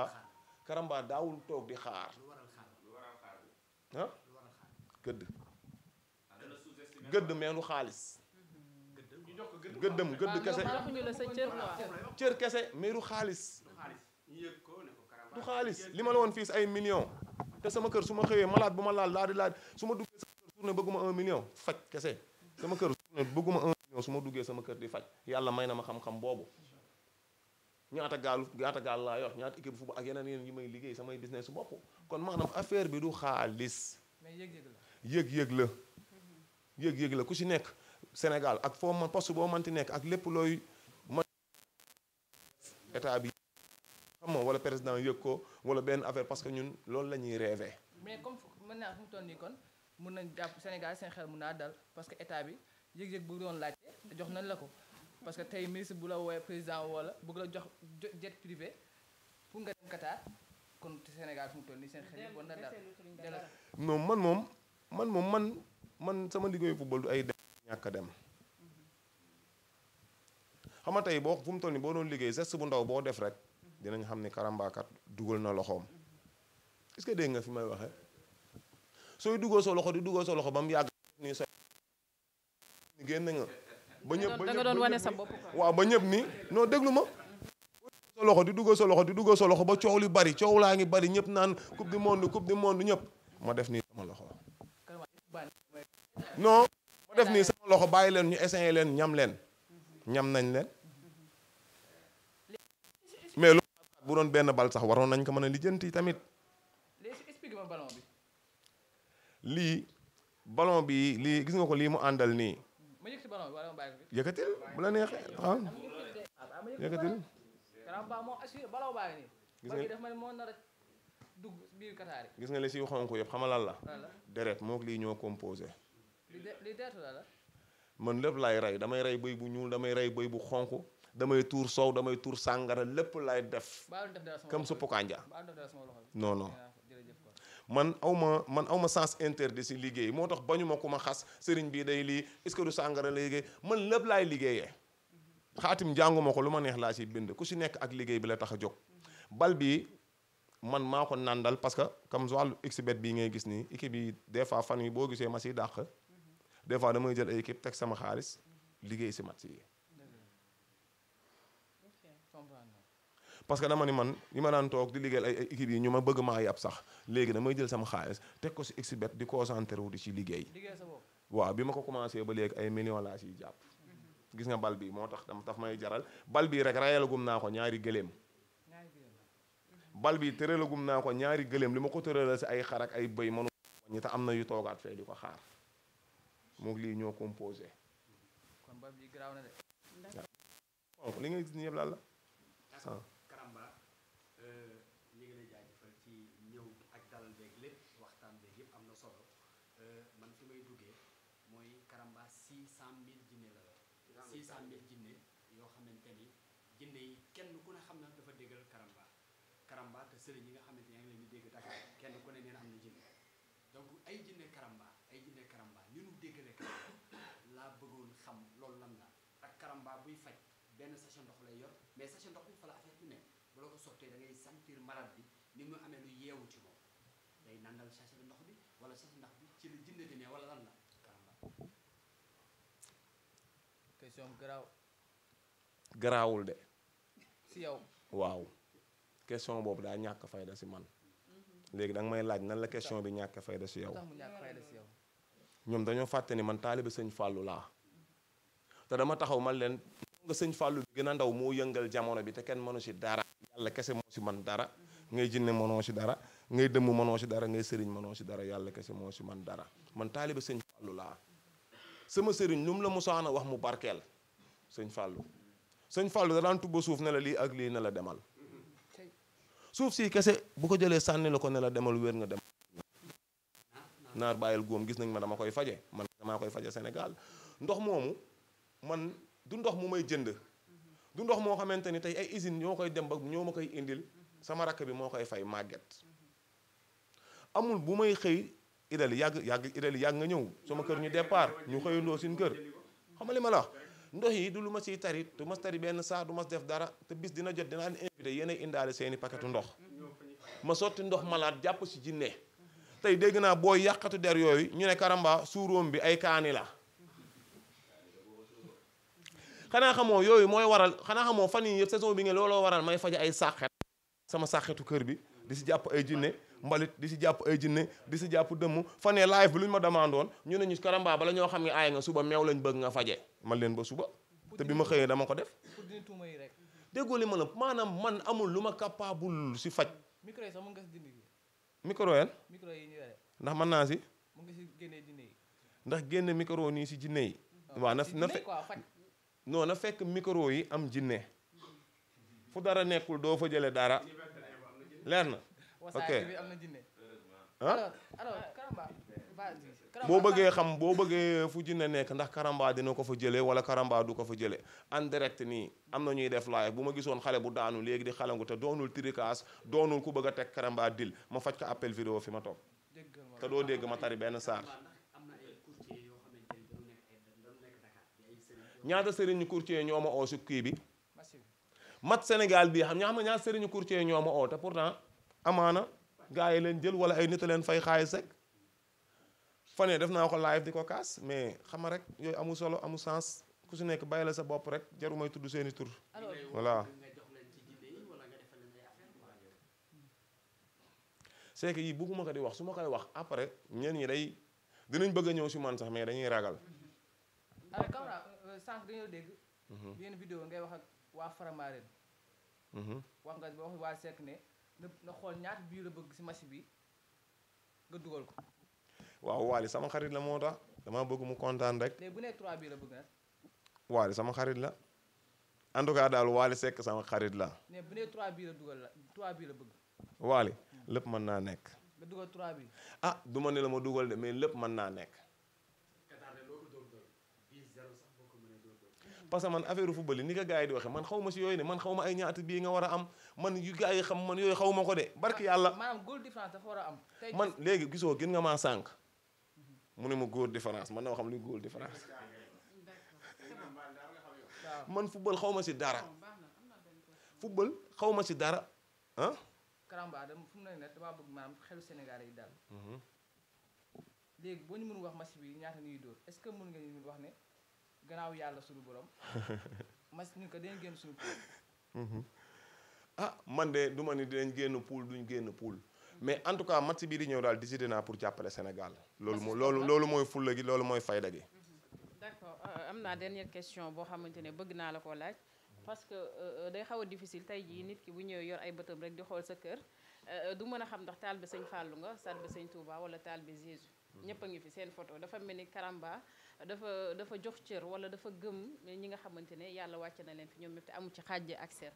karamba daawul toog di xaar ah gëdd gëdd meelu xaalis gëddëm gëdd kese cër kese meelu xaalis du xaalis li ma la woon fii ay millions te sama kër su ma xëyee malaat bu ma laal laa di laaj su ma duggee sama kër tourné bëgguma un million faj kese sama kër tourné bëgguma un million su ma duggee sama kër di faj yàlla may na ma xam-xam boobu ñaata gaal ñaata gaal laa yor ñaata équipe football ak yeneen yeneen yi may liggéey samay business su bopp kon maanaam affaire bi du xaalis yëg-yëg la yëg-yëg la ku ci nekk Sénégal ak foo man post boo manti nekk ak lépp looy man bi xam wala président yëg ko wala benn affaire parce que ñun loolu la ñuy rêvé. mais comme mën naa fi mu toll nii kon mën nañ jàpp Sénégal seen xel mën naa dal parce que état bi yëg-yëg bu doon laajte jox nañ la ko parce que tey ministre bu la woowee président wala bëgg la jox jet privé pour nga dem Qatar kon Sénégal fi mu toll nii seen xel yi war na dal. moom man moom man man sama liggéeyu football du ay dem ñàkk dem. Mhm. xam nga tey boo fu mu toll nii boo doon liggéey geste bu ndaw boo def rek. dinañ xam ni karambaakat dugal na loxoom est-ce que dégg nga fi may waxee sooy duggoo sa loxo di duggoo sa loxo ba mu yàgg nii sa génn ba ñëpp da nga waaw ba ñëpp ni non déglu ma sa loxo di duggoo sa loxo di duggoo sa loxo ba coow li bari coow laa ngi bari ñëpp naan coupe du monde coupe du monde ñëpp ma def nii sama loxo non ma def nii sama loxo bàyyi leen ñu essayé leen ñam leen ñam nañ leen bu doon benn bal sax waroon nañ ko mën a yi tamit. lii ballon bi lii gis nga ko lii mu àndal nii. yëkkatil bu la neexee ah, yëkkatil. gis nga dugg si Qatar gis nga yëpp xamal la. deret mook lii ñoo composé. li de li deetu man lépp laay rey damay rey bëy bu ñuul damay rey bëy bu xonq damay tuur soow damay tuur sàngara lépp lay def comme suppu kànja non non man aw ma man aw ma sens interdit si liggéey moo tax bañu ma ku ma xas sëriñ bii day lii est-ce du sàngara la liggéey man lépp laay liggéeyee xaatim njànguma ko lu ma neex laa si bind ku si nekk ak liggéey bi la tax a jóg bal bi man maa ko nàndal parce que comme wàllu xbet bii ngay gis nii équipe yi des fois fan yi boo gisee ma siy dàq des fois damay jël a équipe teg sama xaalis liggéey si match yi parce que dama ni man li ma daan toog di liggéeyal ay équipe yi ñu ma bëgg maa yab sax léegi damay jël sama xaalis teg ko si exibet di concentré wu di ci liggéey waaw bi ma ko commencé ba léegi ay millions laa jàpp gis nga bal bi moo tax dama taf may jaral bal bii rek rayalagum naa ko ñaari gëléem mhm. bal bi tëralagum naa ko ñaari gëléem li ma ko tërala si ay xarak ay bëy mënu ñi te am na yu toogaat fee di ko xaar moom lii ñoo composé kon bal bi li nga gis ni sëriñ yi nga xamante yaa ngi leen di dégg Dakar kenn ku ne neen am na jinne donc ay jinne karamba ay jinne karamba ni nu déggale karamba laa bëggoon xam loolu lan la ak karamba buy faj benn sachet ndox lay yor mais sachet ndox bi fa la affaire bi ne bu la ko sottee da ngay sentir bi ni mu amee lu yeewu ci moom day nandal sachet ndox bi wala sachet ndox bi ci la jinne di ne wala lan la karamba question garaaw garaawul de si yow question boobu daa ñàkk fayda si man léegi da nga may laaj nan la question bi ñàkk fayda si yow ñoom dañoo fàtte ni man taaliba sëñ fàllu laa te dama taxaw man leen nga sëñ fàllu bi gën a ndaw moo yëngal jamono bi te kenn mënu si dara yàlla kese moo si man dara ngay jinne mënoo si dara ngay dëmm mënoo si dara ngay sëriñ mënoo si dara yàlla kese moo si man dara man taaliba sëñ fàllu laa sama sëriñ lu mu la musaana wax mu barkeel sëñ fàllu sëñ fàllu da daan tubba suuf ne lii ak lii ne demal suuf si kese bu ko jëlee sànni la ko nela la demal wér nga dem naar bàyyil góom gis nañ ma dama koy faje man damaa koy faje senegal ndox moomu man du ndox mu may jënd du ndox moo xamante ni tey ay usine ñoo koy dem ba ñoo ma koy indil sama rakk bi moo koy fay màgget amul bu may xëy idali yàgg yàgg idali yàgg nga ñëw sama kër ñu départ ñu xëyandoo suñu kër xam nga li ma la wax ndox yi du lu ma siy tari du ma tari benn saa du ma def dara te bis dina jot dinaa leen invité yéen seeni paquetu ndox ma sotti ndox malaat jàpp si jinne tey dégg naa boo yàqatu der yooyu ñu ne karamba suuroom bi ay kaani la xanaa xamoo yooyu mooy waral xanaa xamoo fan yi yëpp saison bi nga looloo waral may faja ay sàqet sama sàqetu kër bi di si jàpp ay jinne mbalit di si jàpp ay jinne di si jàpp dëmm fanee live bi lu ñu ma demande ñu ne ñu karamba bala ñoo xam ne aay nga suba meew lañ bëgg nga faje man leen ba suba te bi ma xëyee dama ko def déggoo li ma la maanaam man amul lu ma capable si faj micro yi sax nga si dindi micro ndax man naa si mën nga si génne ndax génne micro nii si jinne yi ah, waaw na na fekk non na fekk micro yi am jinne fu dara nekkul doo fa jële dara leer na ok ah boo bëggee xam boo bëggee fu jinne nekk ndax karamba dina ko fa jëlee wala karamba du ko fa jëlee en direct nii am na ñuy def live bu ma gisoon xale bu daanu léegi di xalangu te doonul trikaas doonul ku bëgg a teg karamba dil ma faj ko appel vidéo fi ma toog te doo dégg ma tari benn saar ñaata sëriñu courtier ñoo ma oo si kii bi mat Sénégal bii xam ñaa xam ne ñaata sëriñu courtier ñoo oo te pourtant amaana gars yi leen jël wala ay nit a leen fay xaalis rek fanee def naa ko live di ko kaas mais xama rek yooyu amul solo amul sens ku si nekk bàyyi la sa bopp rek jarumay tudd seeni tur voilà c'est que yii bëgguma ko di wax su ma koy wax après ñenn ñi day dinañ bëgg ñëw si man sax mais dañuy ragal. alors euh, Camara euh, sànq dañoo dégg. Mhm. yenn vidéo ngay wax ak waa Faramareen. Mhm. wax nga wax waa ne. na xool ñaata bii la bëgg si match bi nga dugal ko. waaw Waly sama xarit la moo tax damaa bëgg mu kontaan rek. léegi bu nee 3 bii la bëgg nag. Waly sama xarit la. en tout cas daal Waly Seck sama xarit la. mais bu nee 3 bii la dugal la 3 bii la bëgg. Waly lépp mën naa nekk. nga dugal 3 bii. ah du ma ne la ma dugal de mais lépp mën naa nekk. parce que man affaire football yi ni ko gars yi di waxee man xaw ma si yooyu ne man xaw ma ay ñaata bii nga war a am man yu gars yi xam man yooyu xaw ma ko de barki ah, yàlla maanaam góor différence dafa war a am man léegi gisoo gën nga maa sànq mhm. mu ne ma góor différence man noo xam luy góor différence man football xaw ma si dara football xaw ma si dara ah Karamba dama fu mu ne damaa bëgg maanaam xelu Sénégal yi daal mhm. léegi boo ñu mën wax match bi ñaata ñuy dóor est-ce que mën nga ñu wax ne gannaaw yàlla suñu borom. <laughs> mas ñu ko dinañ génn suñu pool. Mhm. ah man de du ma ni dinañ génn pool duñ génn pool. mais en tout cas match bii di ñëw daal décidé naa pour jàppale Sénégal. loolu mooy loolu mooy fulla gi loolu mooy fayda gi. Mhm. d'accord euh, am naa dernière question boo xamante ne bëgg naa la koo laaj. parce que euh, day xaw a difficile tey jii nit ki bu ñëwee yor ay bëtam rek di xool sa kër euh, du mën a xam ndax taal bi sëñ Fallou nga taal bi sëñ Touba wala taal bi Jésus. ñëpp a ngi fi seen photo dafa mel ni Karamba dafa dafa jox cër wala dafa gëm ñi nga xamante ne yàlla wàcce na leen fi ñoom ñëpp te amu ci xaaj ak seer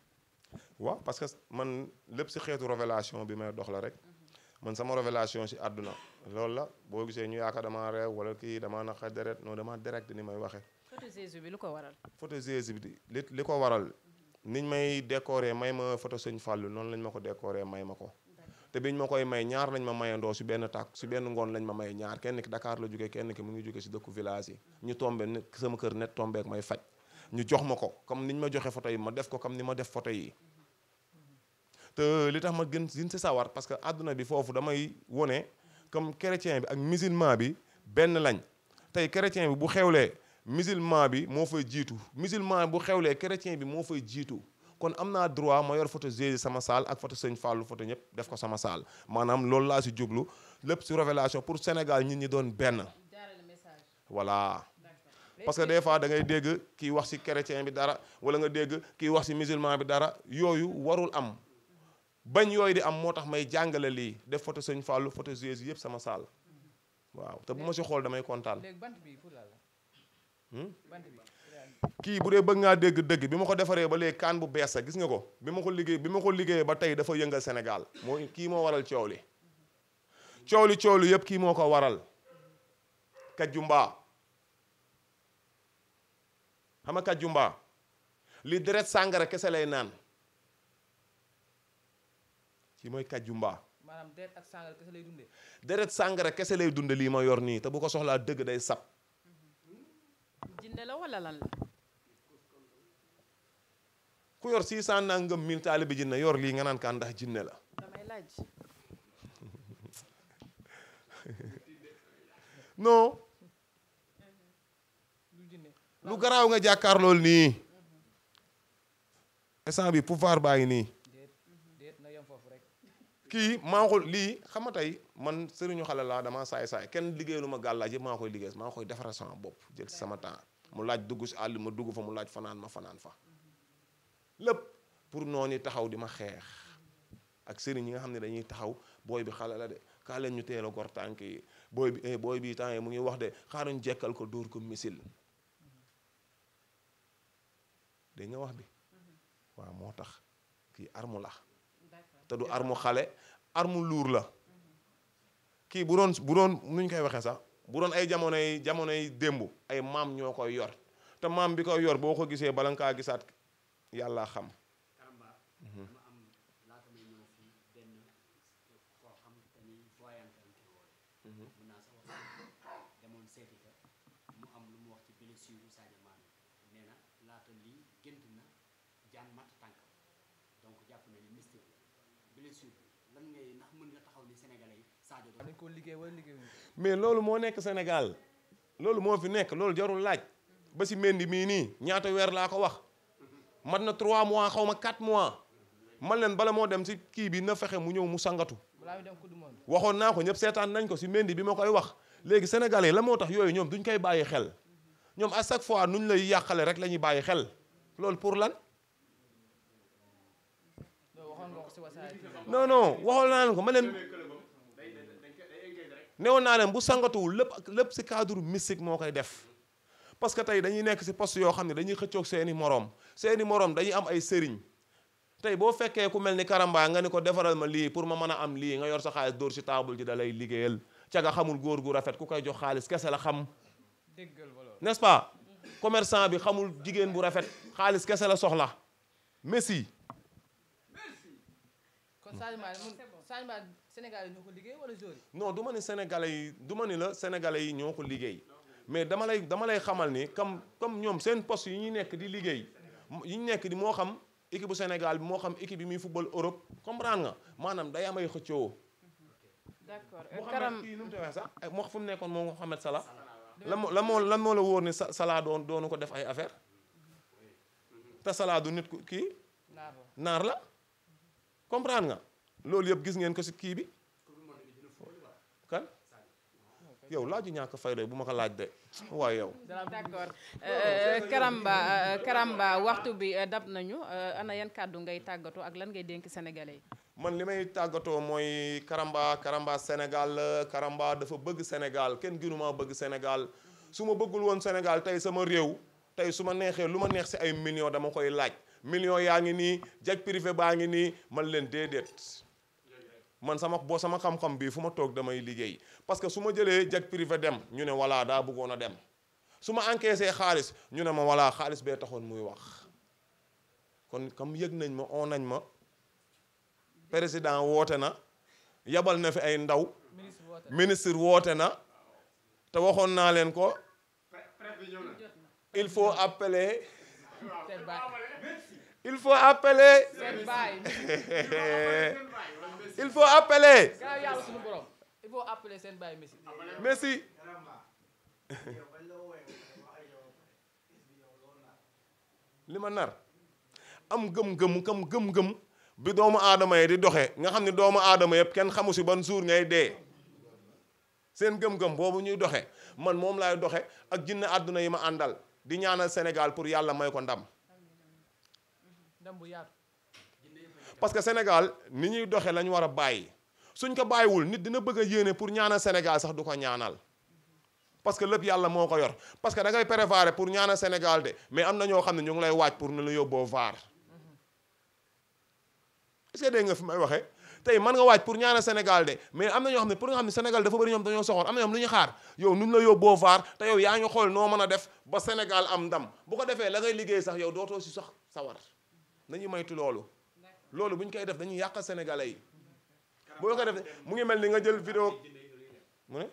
waaw parce que man lépp si xeetu révélation bi may dox la rek mm-hmm. man sama révélation si àdduna loolu la boo gisee ñu yaakaar damaa reew wala kii damaa naqa deret non dama direct ni may waxee. photo Jésus bi lu ko waral. photo Jésus bi li li ko waral. Mm-hmm. niñ may décorer may ma photo sëñ Fallou noonu lañ ma ko décorer may ma ko. te biñ ma koy may ñaar lañ ma mayandoo si benn tàkk si benn ngoon lañ ma may ñaar kenn ki Dakar la jógee kenn ki mu ngi jógee si dëkku village yi ñu tombe sama kër net tombeek may faj ñu jox ma ko comme ñu ma joxe photo yi ma def ko comme ni ma def photo yi te li tax ma gën gën si sawar parce que àdduna bi foofu damay wone comme chrétien bi ak musulman bi benn lañ tey chrétien bi bu xewlee musulman bi moo fay jiitu musulman bu xewlee chrétien bi moo fay jiitu kon am naa droit ma yor photo Jésus sama saal ak photo Sëñ Fallou photo ñëpp def ko sama saal maanaam loolu laa si jublu lépp si révélation pour Sénégal nit ñi doon benn voilà parce que des fois da ngay dégg kii wax si chrétien bi dara wala nga dégg kiy wax si musulman bi dara yooyu warul am bañ yooyu di am moo tax may jàngale lii def photo Sëñ Fallou photo Jésus yëpp sama saal mhm. waaw te bu ma si xool damay kontaan. kii bu dee bëgg ngaa dégg dëgg bi ma ko defaree ba léegi kaan bu bees a gis nga ko bi ma ko liggéey bi ma ko liggéey ba tey dafa yëngal senegal moo kii moo waral coow li coow li coow li kii moo ko waral kajumba xam kajumba li deret sàngara kese lay naan ci mooy kajumba maanaam deret ak sàngara kese lay dunde lii ma yor nii te bu ko soxlaa dëgg day sab ku yor 600 nangam 1000 taalibe jinne yor lii nga naan kaan ndax jinne la. damay <laughs> lu garaaw nga jàkkaar lool nii. instant bi pouvoir baa ngi nii. kii maa ko lii xam nga tey man sëriñu xale laa dama saay saay kenn liggéeyalu ma gàllaaj yëpp maa koy liggéey maa koy defar sama bopp jël sama temps mu laaj dugg si àll ma dugg fa mu laaj fanaan ma fanaan fa. lépp pour noonu taxaw di ma xeex ak sëriñ ñi nga xam ne dañuy taxaw booy bi xale la de kaa leen ñu teelu a gor tànk yi booy bi eh, booy bi temps yi mu ngi wax de xaaruñ jekkal ko dóor ko misil dégg nga wax bi mm-hmm. waaw moo tax kii armu la te du armu xale armu luur la mm-hmm. kii bu doon bu doon nuñ koy waxee sax bu doon ay jamonoy jamonoy démb ay maam ñoo koy yor te maam bi koy yor boo ko gisee bala nga kaa gisaat yàlla xam. Mhm. Mhm. demoon seeti ka mu am lu mu wax ci blessure Sadio Mané na laata lii gént na jaan matt tànk donc jàpp na ni la blessure taxaw ni sénégalais yi Sadio dañ ko liggéey wala liggéey mais loolu moo nekk Sénégal loolu moo fi nekk loolu jarul laaj ba si mendi mii nii ñaata weer laa ko wax mat na trois mois xaw ma 4 mois man leen bala moo dem si kii bi na fexe mu ñëw mu sangatu. waxoon naa ko ñëpp seetaan nañ ko si mendi bi ma koy wax. léegi sénégalais la moo tax yooyu ñoom duñ koy bàyyi xel ñoom à chaque fois nuñ lay yàqale rek lañuy bàyyi xel loolu pour lan. non non waxoon naa leen ko ma leen. newoon naa leen bu sangatuwul lépp ak lépp si cadre mystique moo koy def. parce que tey dañuy nekk si poste yoo xam ne dañuy xëccoog seeni moroom seeni moroom dañuy am ay sëriñ tey boo fekkee ku mel ni karamba nga ni ko defaral ma lii pour ma mën a am lii nga yor sa xaalis dóor si taabul ji da lay liggéeyal ca nga xamul góor gu rafet ku koy jox xaalis kese la xam n'est-ce pas commerçant bi xamul jigéen bu rafet xaalis kese la soxla messi non du ma ni sénégalais yi du ma ni la sénégalais yi ñoo ko liggéey mais dama lay dama lay xamal ni comme comme ñoom seen post yi ñuy nekk di liggéey yi ñu nekk di moo xam équipe bu Sénégal bi moo xam équipe bi muy football Europe comprendre nga maanaam day amay xëccoo. d'accord Karam eh, moo fu mu nekkoon moom la moo la moo lan moo la wóor ne Salah doon doonu ko def ay affaire te Salah du nit ku naar la comprendre nga loolu yëpp gis ngeen ko si kii bi. kan. yow laaju ñàkk fayda bu ma ko laaj de waaye yow. d'accord euh, euh, Karamba waxtu bi euh, dab nañu ana yan kàddu ngay tàggatoo ak lan ngay dénk sénégalais yi. man li may tàggatoo mooy Karamba Karamba Sénégal Karamba dafa bëgg Sénégal kenn gënu maa bëgg senegal su ma bëggul woon Sénégal tey sama réew tey su ma neexee lu ma neex si ay million dama koy laaj million yaa ngi nii jag privé baa ngi nii man leen déedéet. man sama boo sama xam-xam bii fu ma toog damay liggéey parce que su ma jëlee jet privé dem ñu ne voilà daa bëggoon a dem su ma encaissé xaalis ñu ne ma voilà xaalis bee taxoon muy wax kon comme yëg nañ ma oo nañ ma président woote na yabal na fi ay ndaw ministre woote na te waxoon naa leen ko il faut appeler il faut appeler <laughs> il faut appeler koo seen baay Messi. Messi. li ma nar am gëm-gëm kam gëm-gëm bi doomu aadama yi di doxe nga xam ne doomu aadama yëpp kenn xamu si ban suur ngay dee seen gëm-gëm boobu ñuy doxee man moom laay doxe ak jinne àdduna yi ma àndal di ñaanal Sénégal pour yàlla may ko ndam. parce Sénégal ni ñuy doxee la war a bàyyi. suñ ko bàyyiwul nit dina bëgg a yéene pour ñaana Sénégal sax du ko ñaanal parce que lépp yàlla moo ko yor parce que da ngay préparer pour ñaana Sénégal de mais am na ñoo xam ne ñu ngi lay waaj pour nu la yóbboo vaar est nga fi may waxee tey mën nga waaj pour ñaanal Sénégal de mais am na ñoo xam ne pour nga Sénégal dafa bëri ñoom dañoo soxor am na ñoom lu ñu xaar yow nu la yóbboo vaar te yow yaa ngi xool noo mën a def ba Sénégal am ndam bu ko defee la ngay liggéey sax yow dootoo si sax sawar nañu maytu loolu loolu bu ñu koy def dañu yàq sénégalais yi boo ko def mu ngi mel ni nga jël vidéo mu ne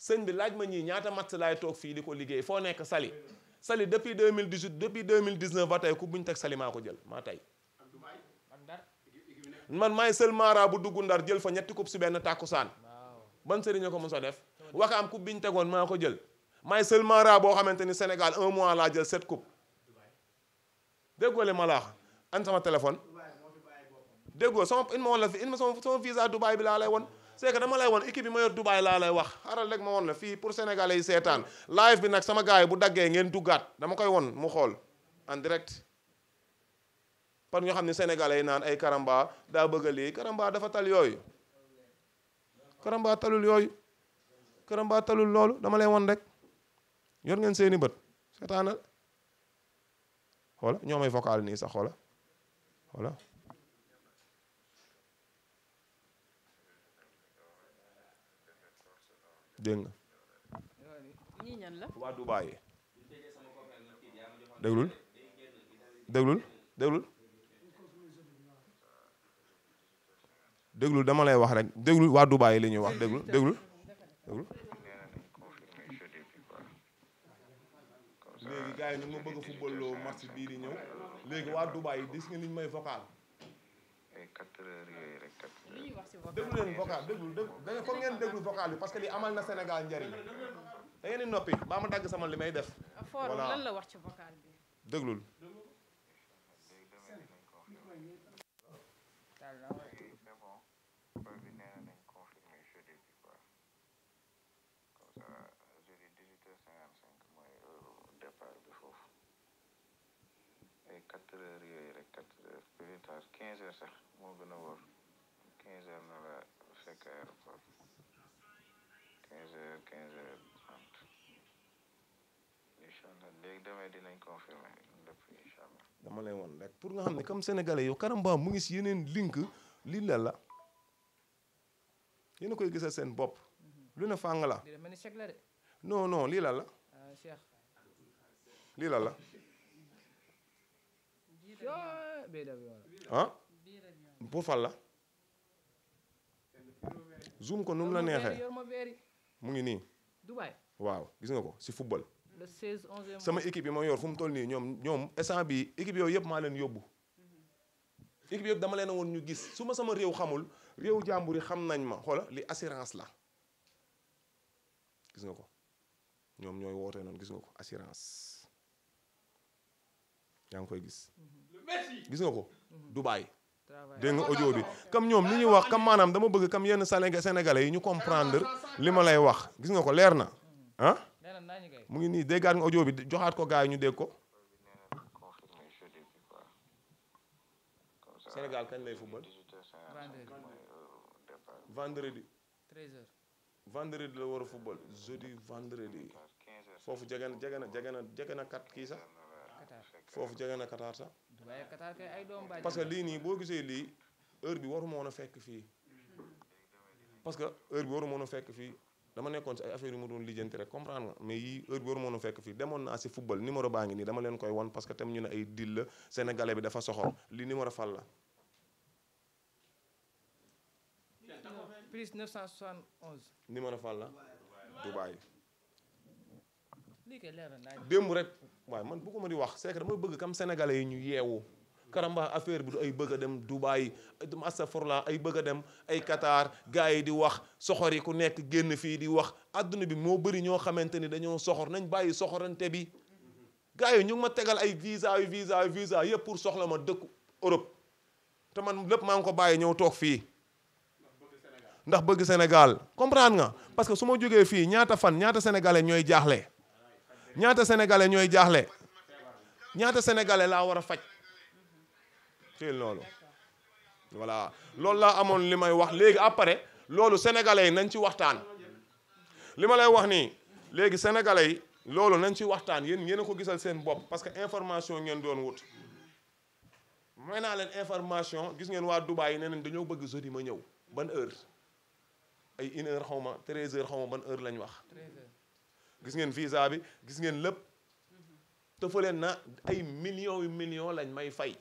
sëñ bi laaj ma ñii ñaata match laay toog fii di ko liggéey foo nekk Saly Saly depuis 2018 depuis 2019 ba tey ku buñ teg Saly maa ko jël maa tey man maay seul mara bu dugg ndar jël fa ñetti coupe si benn saan ban sëriñ ko mun a def am coupe bi ñu tegoon maa ko jël maay seul mara boo xamante ni Sénégal un mois laa jël sept coupe déggoo le ma laax an sama téléphone déggoo sama in ma woon la fi in ma sama sama visa Dubaï bi laa lay won c'est que dama lay won équipe bi ma yor Dubaï laa lay wax xaral rek ma won la fii pour sénégalais yi seetaan live bi nag sama gars yi bu daggee ngeen duggaat dama koy won mu xool en direct par ñoo xam ne sénégalais yi naan ay karambaa daa bëgg a lii karamba dafa tal yooyu karamba talul yooyu karamba talul loolu dama lay won rek yor ngeen seeni bët seetaanal xoola ñoo may vocal nii sax dégg nga. ñii ñan la. waa Dubaay. déglul déglul déglul. dama lay wax rek déglul waa Dubaay li ñuy wax déglul déglul déglul. léegi gars yi ñu ma bëgg a football loo match bii di ñëw léegi waa Dubaay gis nga niñ may vocal. ay quatre heures yooyu rek quatre heures. déglu leen vocal déglu déglu foog ngeen déglu vocal bi parce que li amal na Sénégal njariñ da ngeen di noppi ba ma dagg sama li may def. voilà lan la wax ci vocal bi déglul. nekk aéroport quinze heures quinze lay woon rek pour nga xam ne comme sénégalais yow Karamba mu ngi si yeneen link lii la la yéen a koy gisal seen bopp. lu ne fàng la. non non lii la la. lii la la. ah. pour la. zoom ko nu mu la neexee mu ngi nii. waaw gis nga ko si football. le 16 11 sama équipe yi ma yor fu mu toll nii ñoom ñoom instant bi équipe yooyu yëpp maa leen yóbbu. Mhm. équipe yëpp dama leen woon ñu gis su ma sama réew xamul réew jàmbur yi xam nañ ma xoola li assurance la gis nga ko ñoom ñooy wootee noonu gis nga ko assurance yaa ngi koy gis. Mhm. gis nga ko mhm. Dubaay. dégg nga audio bi comme ñoom li ñuy wax comme maanaam dama bëgg comme yenn sénégalais yi ñu comprendre li ma lay wax gis nga ko leer na ah mu ngi nii déggaat nga audio bi joxaat ko gaa yi ñu dégg ko. Sénégal kañ lay football. vendredi. 13h. vendredi la war a football jeudi foofu jege na jege na jege na jege na kat kii sax foofu jege na Qatar sax. waaye Qatar kay parce que lii nii boo gisee lii heure bi waru moon a fekk fii parce que heure bi waru a fekk fii dama nekkoon si ay affaire yu ma doon lijjanti rek comprendre nga mais yii heure bi waru a fekk fii demoon naa si football numéro baa ngi nii dama leen koy won parce que tam ñu ne ay dil senegale sénégalais bi dafa soxor li numéro fal la plus 971 numéro fal la Dubaay démb rek waaye man ko ma di wax c'est que bëgg kam sénégalais yi ñu yeewu Karamba affaire bi du ay bëgg a dem Dubaï astafurla ay bëgg a ay Qatar gars yi di wax soxor yi ku nekk génn fii di wax àdduna bi moo bëri ñoo xamante ni dañoo soxor nañ bàyyi soxorante bi gars yi ñu ngi ma tegal ay visa yu visa yu visa yëpp pour soxla ma dëkku Europe te man lépp maa ngi ko bàyyi ñëw toog fii ndax bëgg Sénégal comprendre nga parce que su ma jógee fii ñaata fan ñaata sénégalais ñooy jaaxle ñaata sénégalais ñooy jaaxle ñaata sénégalais laa war a faj teel loolu voilà loolu laa amoon li may wax léegi après loolu sénégalais yi nañ ci waxtaan li ma lay wax nii léegi sénégalais yi loolu nañ ci waxtaan yéen yéen a ko gisal seen bopp parce que information ngeen doon wut may naa leen information gis ngeen waa Dubaay yi nee nañ dañoo bëgg jeudi ma ñëw ban heure ay une heure xaw ma treize heures xaw ma ban heure lañ wax gis ngeen visa bi gis ngeen lépp tëfaleen na ay million yu million lañ may fay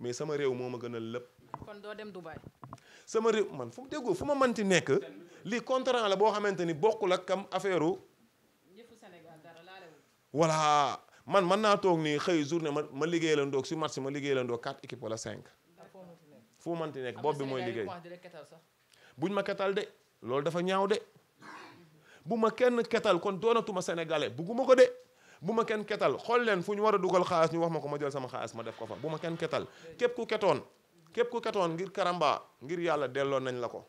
mais sama réew moo ma gënal lépp. doo dem Dubaï. sama réew man fu mu déggoo fu ma mënti nekk lii contrant la boo xamante ni bokkul ak kam affaire u yëfu man naa toog nii xëy journée ma ma liggéey la ndoog si match ma liggéey la ndoog quatre équipes wala cinq fu mu mënti nekk bopp bi mooy liggéey buñ ma ketal de loolu dafa ñaaw de bu ma kenn ketal kon doonatuma sénégalais bugguma ko de bu ma kenn ketal xool leen fu ñu war dugal xaalis ñu wax ma ko ma jël sama xaalis ma def ko fa bu ma kenn ketal képp ku ketoon képp ku ketoon ngir karamba ngir yàlla delloo nañ la ko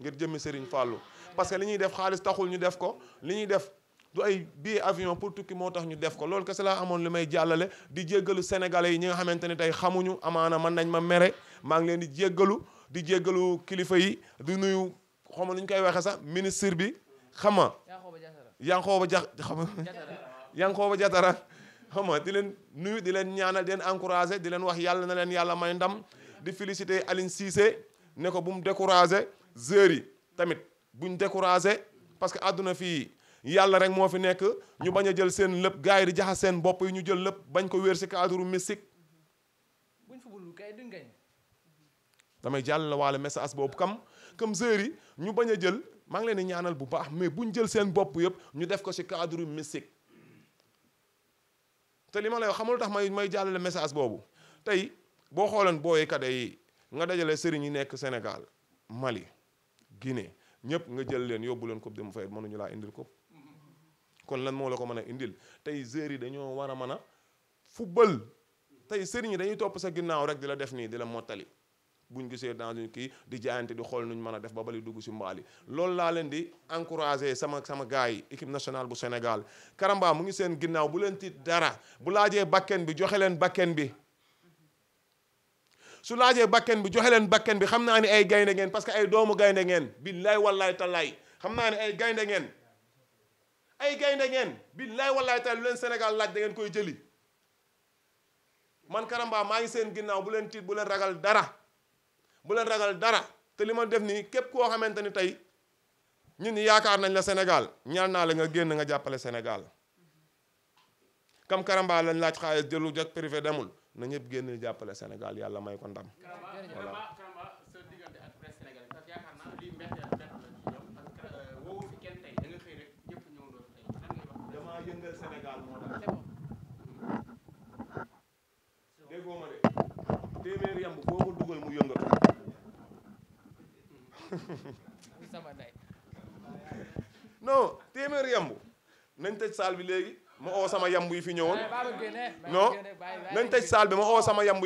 ngir jëmmi Serigne Fallou parce que li ñuy def xaalis taxul ñu def ko li ñuy def du ay billet avion pour tukki moo tax ñu def ko loolu kese laa amoon li may jàllale di jéggalu sénégalais yi ñi nga xamante ne tey xamuñu amaana mën nañ ma mere maa ngi leen di jéggalu di jéggalu kilifa yi di nuyu xaw ma nu koy waxee sax ministre bi xam nga Yankhoba Dia xam nga Yankhoba Diatara xam nga di leen nuyu di leen ñaanal di leen di leen wax yàlla na leen yàlla may ndam di félicité Aline Cissé ne ko bu mu découragé zéer yi tamit buñ découragé parce que àdduna fii yàlla rek moo fi nekk ñu bañ a jël seen lépp gars yi di jaxas seen bopp yi ñu jël lépp bañ ko wéer si cadre mystique damay jàll la waale message boobu kam comme zéer yi ñu bañ a jël maa ngi leen di ñaanal bu baax mais buñ jël seen bopp yëpp ñu def ko si cadre mystique te li ma la wax xamul tax may may jàllale message boobu tey boo xooleen booykat yi nga dajale sëriñ yi nekk senegal Mali Guinée ñëpp nga jël leen yóbbu leen coupe du monde mënuñu laa indil ko kon lan moo la ko mën a indil tey joueurs yi dañoo war a mën a football tey sëriñ yi dañuy topp sa ginnaaw rek di la def nii di la mottali. bu ñu gisee dans une kii di jaayante di xool nuñ mën a def ba bali dugg si mbaali loolu laa leen di encouragé sama sama gars yi équipe nationale bu Sénégal Karamba mu ngi seen ginnaaw bu leen tiit dara bu laajee bakken bi joxe leen bakken bi su laajee bakken bi joxe leen bakken bi xam naa ne ay gaynde ngeen que ay doomu gaynde ngeen billaay wallaay tallaay xam naa ne ay gaynde ngeen ay gaynde ngeen billaay wallaay leen Sénégal laaj da ngeen koy jëli man Karamba maa ngi seen ginnaaw bu leen tiit bu leen ragal dara bu leen ragal dara te li ma def nii képp koo xamante ni tey ñu yaakaar nañ la Sénégal ñaan naa la nga génn nga jàppale Sénégal kam karamba lañ laaj xaalis jëlu jot privé demul na ñëpp génn jàppale Sénégal yàlla may ko ndam voilà téeméer yamb boo ko sama day non yambu nañ tëj saal bi léegi ma oo sama yambu yi fi ñëwoon eh, eh, non nañ tëj saal bi ma oo sama yambu